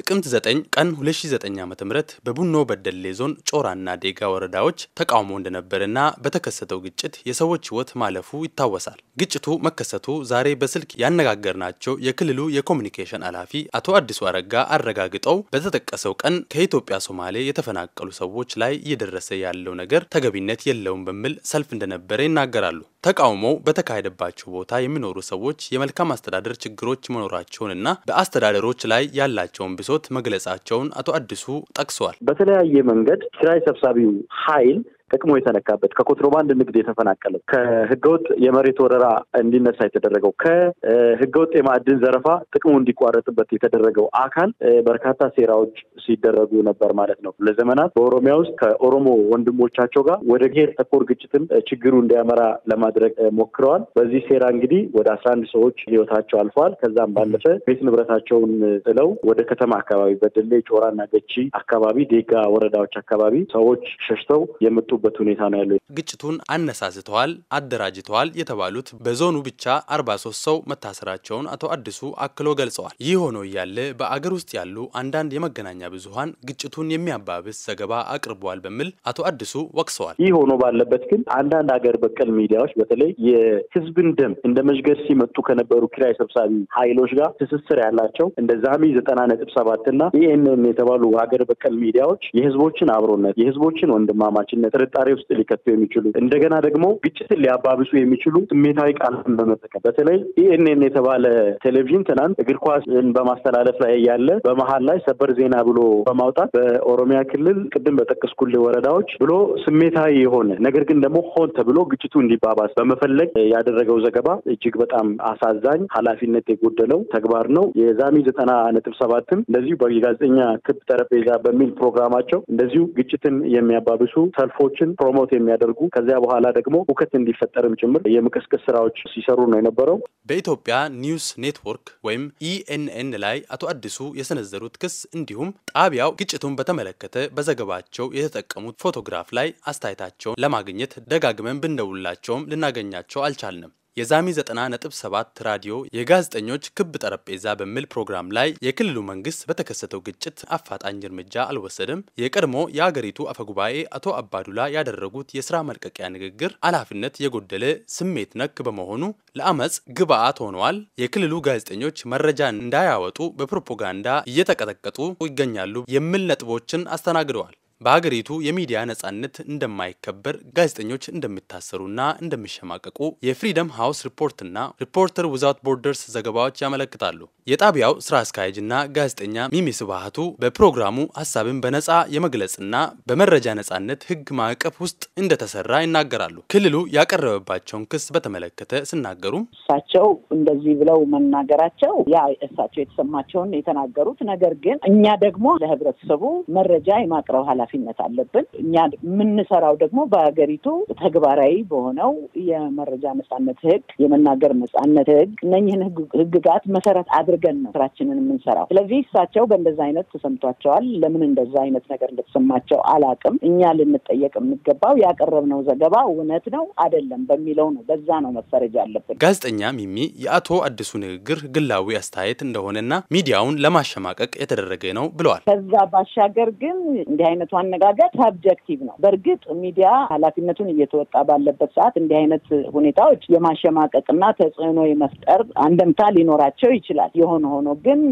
ጥቅምት 9 ቀን 2009 ዓ.ም በቡኖ በደሌ ዞን ጮራና ዴጋ ወረዳዎች ተቃውሞ እንደነበርና በተከሰተው ግጭት የሰዎች ሕይወት ማለፉ ይታወሳል። ግጭቱ መከሰቱ ዛሬ በስልክ ያነጋገርናቸው የክልሉ የኮሚኒኬሽን ኃላፊ አቶ አዲሱ አረጋ አረጋግጠው በተጠቀሰው ቀን ከኢትዮጵያ ሶማሌ የተፈናቀሉ ሰዎች ላይ እየደረሰ ያለው ነገር ተገቢነት የለውም በሚል ሰልፍ እንደነበረ ይናገራሉ። ተቃውሞው በተካሄደባቸው ቦታ የሚኖሩ ሰዎች የመልካም አስተዳደር ችግሮች መኖራቸውንና በአስተዳደሮች ላይ ያላቸውን አድማሶት መግለጻቸውን አቶ አዲሱ ጠቅሰዋል። በተለያየ መንገድ ኪራይ ሰብሳቢው ኃይል ጥቅሙ የተነካበት፣ ከኮንትሮባንድ ንግድ የተፈናቀለው፣ ከህገወጥ የመሬት ወረራ እንዲነሳ የተደረገው፣ ከህገወጥ የማዕድን ዘረፋ ጥቅሙ እንዲቋረጥበት የተደረገው አካል በርካታ ሴራዎች ሲደረጉ ነበር ማለት ነው። ለዘመናት በኦሮሚያ ውስጥ ከኦሮሞ ወንድሞቻቸው ጋር ወደ ብሔር ተኮር ግጭትን ችግሩ እንዲያመራ ለማድረግ ሞክረዋል። በዚህ ሴራ እንግዲህ ወደ አስራ አንድ ሰዎች ህይወታቸው አልፈዋል። ከዛም ባለፈ ቤት ንብረታቸውን ጥለው ወደ ከተማ አካባቢ በደሌ ጮራና ገቺ አካባቢ ዴጋ ወረዳዎች አካባቢ ሰዎች ሸሽተው የመጡ ያሉበት ሁኔታ ነው ያለው። ግጭቱን አነሳስተዋል፣ አደራጅተዋል የተባሉት በዞኑ ብቻ አርባ ሶስት ሰው መታሰራቸውን አቶ አዲሱ አክሎ ገልጸዋል። ይህ ሆኖ እያለ በአገር ውስጥ ያሉ አንዳንድ የመገናኛ ብዙሀን ግጭቱን የሚያባብስ ዘገባ አቅርበዋል በሚል አቶ አዲሱ ወቅሰዋል። ይህ ሆኖ ባለበት ግን አንዳንድ አገር በቀል ሚዲያዎች በተለይ የህዝብን ደም እንደ መዥገር ሲመጡ ከነበሩ ኪራይ ሰብሳቢ ኃይሎች ጋር ትስስር ያላቸው እንደ ዛሚ ዘጠና ነጥብ ሰባት እና ኢኤንኤን የተባሉ ሀገር በቀል ሚዲያዎች የህዝቦችን አብሮነት የህዝቦችን ወንድማማችነት ጥርጣሬ ውስጥ ሊከቱ የሚችሉ እንደገና ደግሞ ግጭትን ሊያባብሱ የሚችሉ ስሜታዊ ቃላትን በመጠቀም በተለይ ኢኤንኤን የተባለ ቴሌቪዥን ትናንት እግር ኳስን በማስተላለፍ ላይ ያለ በመሀል ላይ ሰበር ዜና ብሎ በማውጣት በኦሮሚያ ክልል ቅድም በጠቀስኩልህ ወረዳዎች ብሎ ስሜታዊ የሆነ ነገር ግን ደግሞ ሆን ተብሎ ግጭቱ እንዲባባስ በመፈለግ ያደረገው ዘገባ እጅግ በጣም አሳዛኝ፣ ኃላፊነት የጎደለው ተግባር ነው። የዛሚ ዘጠና ነጥብ ሰባትም እንደዚሁ በጋዜጠኛ ክብ ጠረጴዛ በሚል ፕሮግራማቸው እንደዚሁ ግጭትን የሚያባብሱ ሰልፎች ነገሮችን ፕሮሞት የሚያደርጉ ከዚያ በኋላ ደግሞ ሁከት እንዲፈጠርም ጭምር የምቅስቅስ ስራዎች ሲሰሩ ነው የነበረው። በኢትዮጵያ ኒውስ ኔትወርክ ወይም ኢኤንኤን ላይ አቶ አዲሱ የሰነዘሩት ክስ እንዲሁም ጣቢያው ግጭቱን በተመለከተ በዘገባቸው የተጠቀሙት ፎቶግራፍ ላይ አስተያየታቸውን ለማግኘት ደጋግመን ብንደውላቸውም ልናገኛቸው አልቻልንም። የዛሚ 90.7 ራዲዮ የጋዜጠኞች ክብ ጠረጴዛ በሚል ፕሮግራም ላይ የክልሉ መንግስት በተከሰተው ግጭት አፋጣኝ እርምጃ አልወሰደም፣ የቀድሞ የአገሪቱ አፈጉባኤ አቶ አባዱላ ያደረጉት የስራ መልቀቂያ ንግግር ኃላፊነት የጎደለ ስሜት ነክ በመሆኑ ለአመፅ ግብአት ሆነዋል፣ የክልሉ ጋዜጠኞች መረጃ እንዳያወጡ በፕሮፓጋንዳ እየተቀጠቀጡ ይገኛሉ የሚል ነጥቦችን አስተናግደዋል። በሀገሪቱ የሚዲያ ነጻነት እንደማይከበር ጋዜጠኞች እንደሚታሰሩና እንደሚሸማቀቁ የፍሪደም ሀውስ ሪፖርትና ሪፖርተር ዊዛውት ቦርደርስ ዘገባዎች ያመለክታሉ። የጣቢያው ስራ አስኪያጅና ጋዜጠኛ ሚሚ ስብሀቱ በፕሮግራሙ ሀሳብን በነጻ የመግለጽና በመረጃ ነጻነት ህግ ማዕቀፍ ውስጥ እንደተሰራ ይናገራሉ። ክልሉ ያቀረበባቸውን ክስ በተመለከተ ሲናገሩም እሳቸው እንደዚህ ብለው መናገራቸው ያ እሳቸው የተሰማቸውን የተናገሩት ነገር ግን እኛ ደግሞ ለህብረተሰቡ መረጃ የማቅረብ ኃላፊ ኃላፊነት አለብን። እኛ የምንሰራው ደግሞ በሀገሪቱ ተግባራዊ በሆነው የመረጃ ነጻነት ህግ፣ የመናገር ነጻነት ህግ እነኝህን ህግጋት መሰረት አድርገን ነው ስራችንን የምንሰራው። ስለዚህ እሳቸው በእንደዛ አይነት ተሰምቷቸዋል። ለምን እንደዛ አይነት ነገር እንደተሰማቸው አላቅም። እኛ ልንጠየቅ የሚገባው ያቀረብነው ዘገባ እውነት ነው አይደለም በሚለው ነው። በዛ ነው መፈረጃ አለብን። ጋዜጠኛ ሚሚ የአቶ አዲሱ ንግግር ግላዊ አስተያየት እንደሆነና ሚዲያውን ለማሸማቀቅ የተደረገ ነው ብለዋል። ከዛ ባሻገር ግን እንዲህ አይነቱ አነጋገር ሰብጀክቲቭ ነው። በእርግጥ ሚዲያ ኃላፊነቱን እየተወጣ ባለበት ሰዓት እንዲህ አይነት ሁኔታዎች የማሸማቀቅና ተጽዕኖ የመፍጠር አንደምታ ሊኖራቸው ይችላል። የሆነ ሆኖ ግን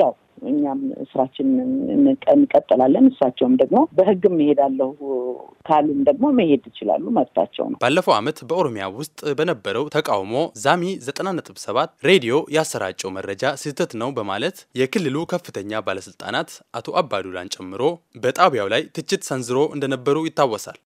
ያው እኛም ስራችን እንቀጥላለን። እሳቸውም ደግሞ በህግም መሄዳለሁ ካሉም ደግሞ መሄድ ይችላሉ፣ መብታቸው ነው። ባለፈው አመት በኦሮሚያ ውስጥ በነበረው ተቃውሞ ዛሚ ዘጠና ነጥብ ሰባት ሬዲዮ ያሰራጨው መረጃ ስህተት ነው በማለት የክልሉ ከፍተኛ ባለስልጣናት አቶ አባዱላን ጨምሮ በጣቢያው ላይ ትችት ሰንዝሮ እንደነበሩ ይታወሳል።